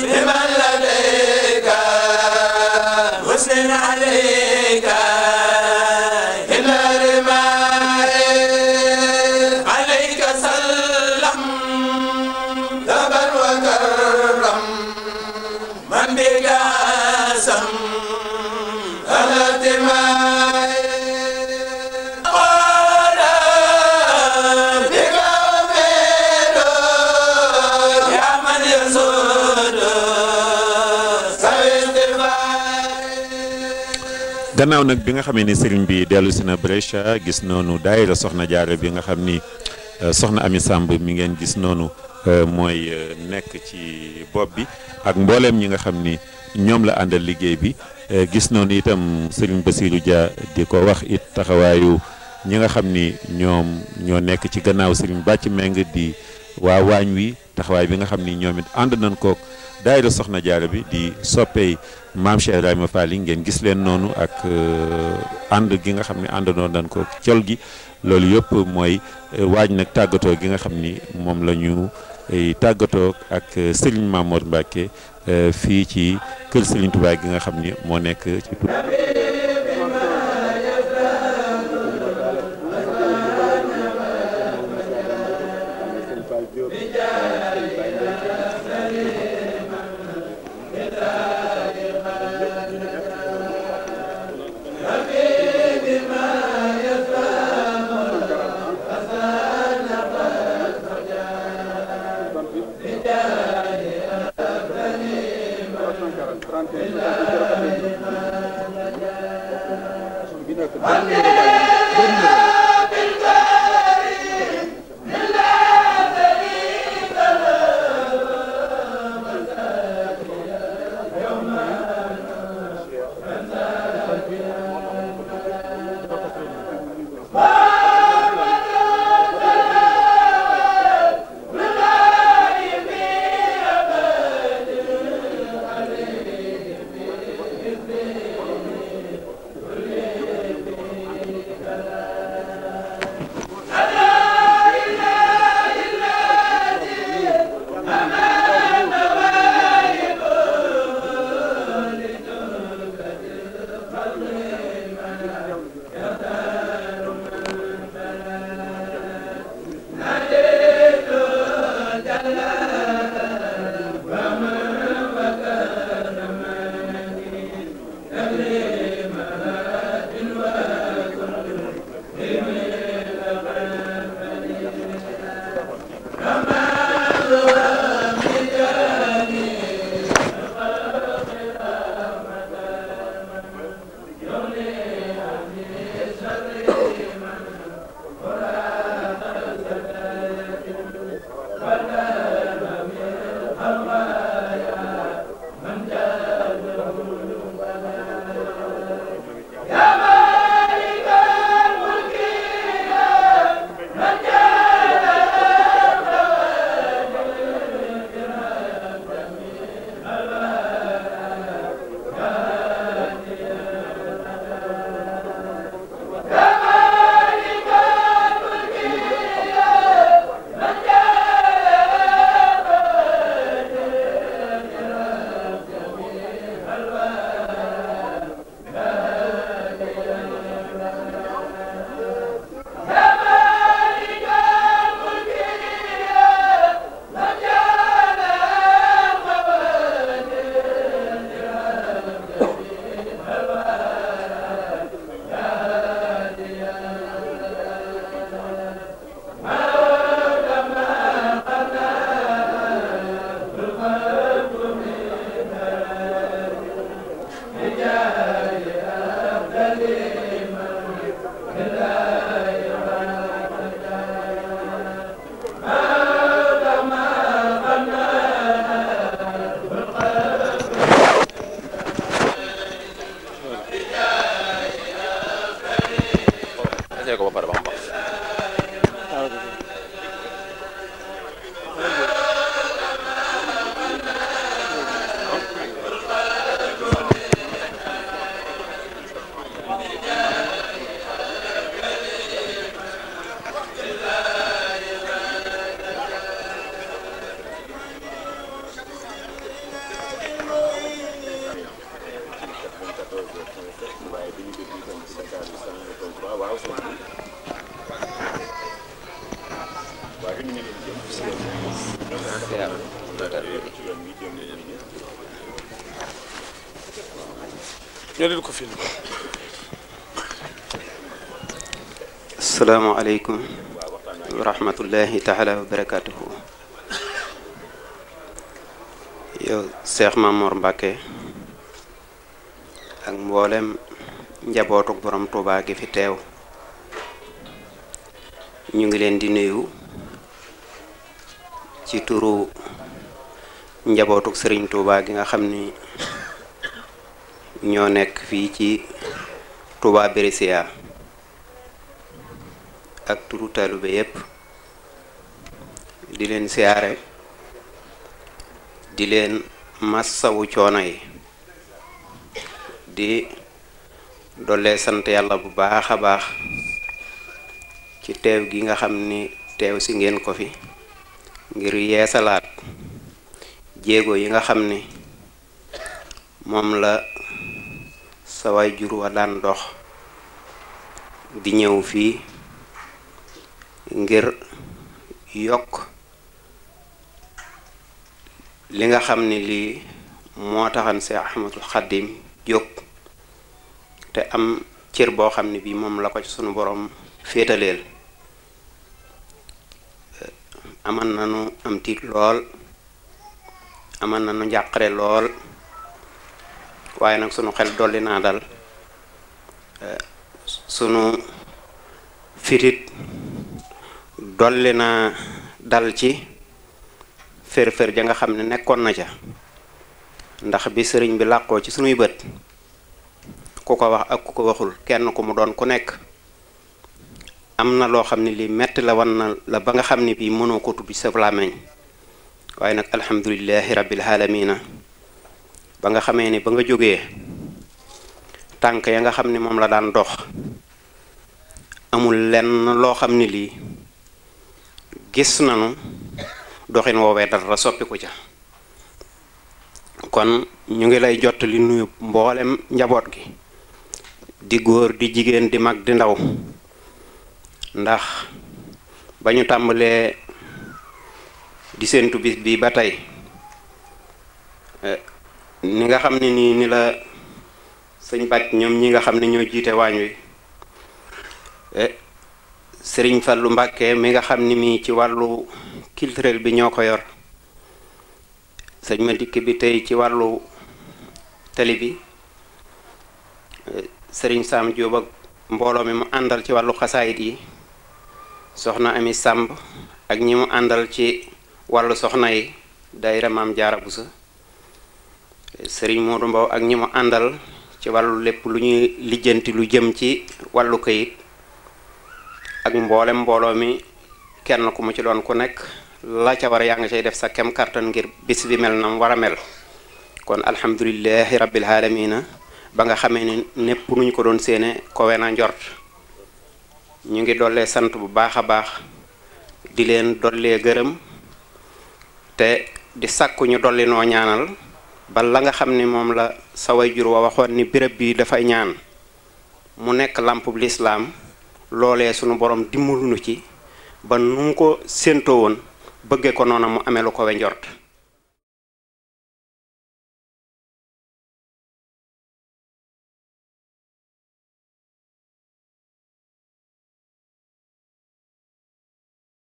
مسلما لديك مسلم عليك gannaaw nag bi nga xamee ni sëriñ bi dellu si na Brescia gis noonu daayira soxna jaaro bi nga xam ni euh, soxna Ami sàmb mi ngeen gis noonu euh, mooy euh, nekk ci bopp bi ak mbooleem ñi nga xam ni ñoom la àndal liggéey bi gis noonu itam sëriñ Basirou Dia di ko wax it taxawaayu ñi nga xam ni ñoom ñoo nekk ci gannaaw sëriñ bàcc meng di waa waañ wi taxawaay bi nga xam ni ñoom it ànd nañ kook daayira soxna jaara bi di soppey maam Cheikh Ibrahima Fall ngeen gis leen noonu ak euh, ànd gi nga xam ni àndandoo nañ ko col gi loolu yëpp mooy euh, waaj nag tàggatoo gi nga xam ni moom la ñu euh, tàggatoo ak Serigne Mamour Mbacke fii ci kër Serigne tubaay gi nga xam ni moo nekk ci. Gracias. ñoo ko ba pare ba Gracias. ñoo ko film asalaamaaleykum wa rahmatullahi yow Cheikh Mamor Mbacke ak mboolem njabootu borom Touba gi fi teew ñu ngi leen di nuyu ci turu njabootuk sëriñ Touba gi nga xam ni ñoo nekk fii ci Touba Brescia ak turu taalibe yépp di leen siyaare di leen massawu coono yi di dolle sant yàlla bu baax a baax ci teew gi nga xam ni teew si ngeen ko fi ngir yeesalaat jéego yi nga xam ni moom la sa waajur wa daan dox di ñëw fii ngir yokk li nga xam ni lii moo taxan Seex Ahmadul Xaddim jóg te am cër boo xam ne bii moom la ko ci sunu boroom féetaleel aman nañu am tiit lool aman na nañu njàqare lool waaye nag sunu xel dolli naa dal eh, sunu fitit dolli naa dal ci fër-fër ja nga xam ne nekkoon na ca ndax bi sëriñ bi làqoo ci sunuy bët ku ko wax ak ku ko waxul kenn ku mu doon ku nekk am na loo xam ne lii metti la wan na la ba nga xam ne bii mënoo ko tudd sa làmmiñ waaye nag alhamdulilahi rabbil alamina ba nga xamee ni ba nga jógee tànk ya nga xam ne moom la daan dox amul lenn loo xam ne lii gis nanu doxin woowee dara soppiku ca kon ñu ngi lay jot li nuyu mboolem njaboot gi di góor di jigéen di mag di ndaw ndax ba ñu tàmbalee di séentu bis bi ba tey eh, ni nga xam ne nii ni la sëñ bàcc ñoom ñi nga xam ne ñoo jiite waañ wi eh, sëriñ Fallou Mbàkke mi nga xam ni mii ci wàllu culturel bi ñoo ko yor sëñ ma dikk bi tey ci wàllu tali bi eh, sëriñ Sam Diop mbooloo mi mu àndal ci wàllu xasaayit yi soxna ami sàmb ak ñi mu àndal ci wàllu soxna yi daayira maam jaara busa sëriñ moodu mbaw ak ñi mu àndal ci wàllu lépp lu ñuy lijjanti lu jëm ci wàllu kayit ak mboolem mbooloo mi kenn ku mu ci doon ku nekk la ca war yaa ngi cay def sa kem kartan ngir bis bi mel na war a mel kon alhamdulilahi rabbil alamina ba nga xamee ne népp nuñ ko doon séene kowena na ñu ngi dollee sant bu baax a baax di leen dollee gërëm te di sàkku ñu dolli noo ñaanal ba la nga xam ni moom la sa wayjur wa waxoon ni béréb bii dafay ñaan mu nekk làmpub lislaam loole sunu borom dimbalu nu ci ba nu mu ko séentoo woon bëgge ko noona mu amee lu ko we njort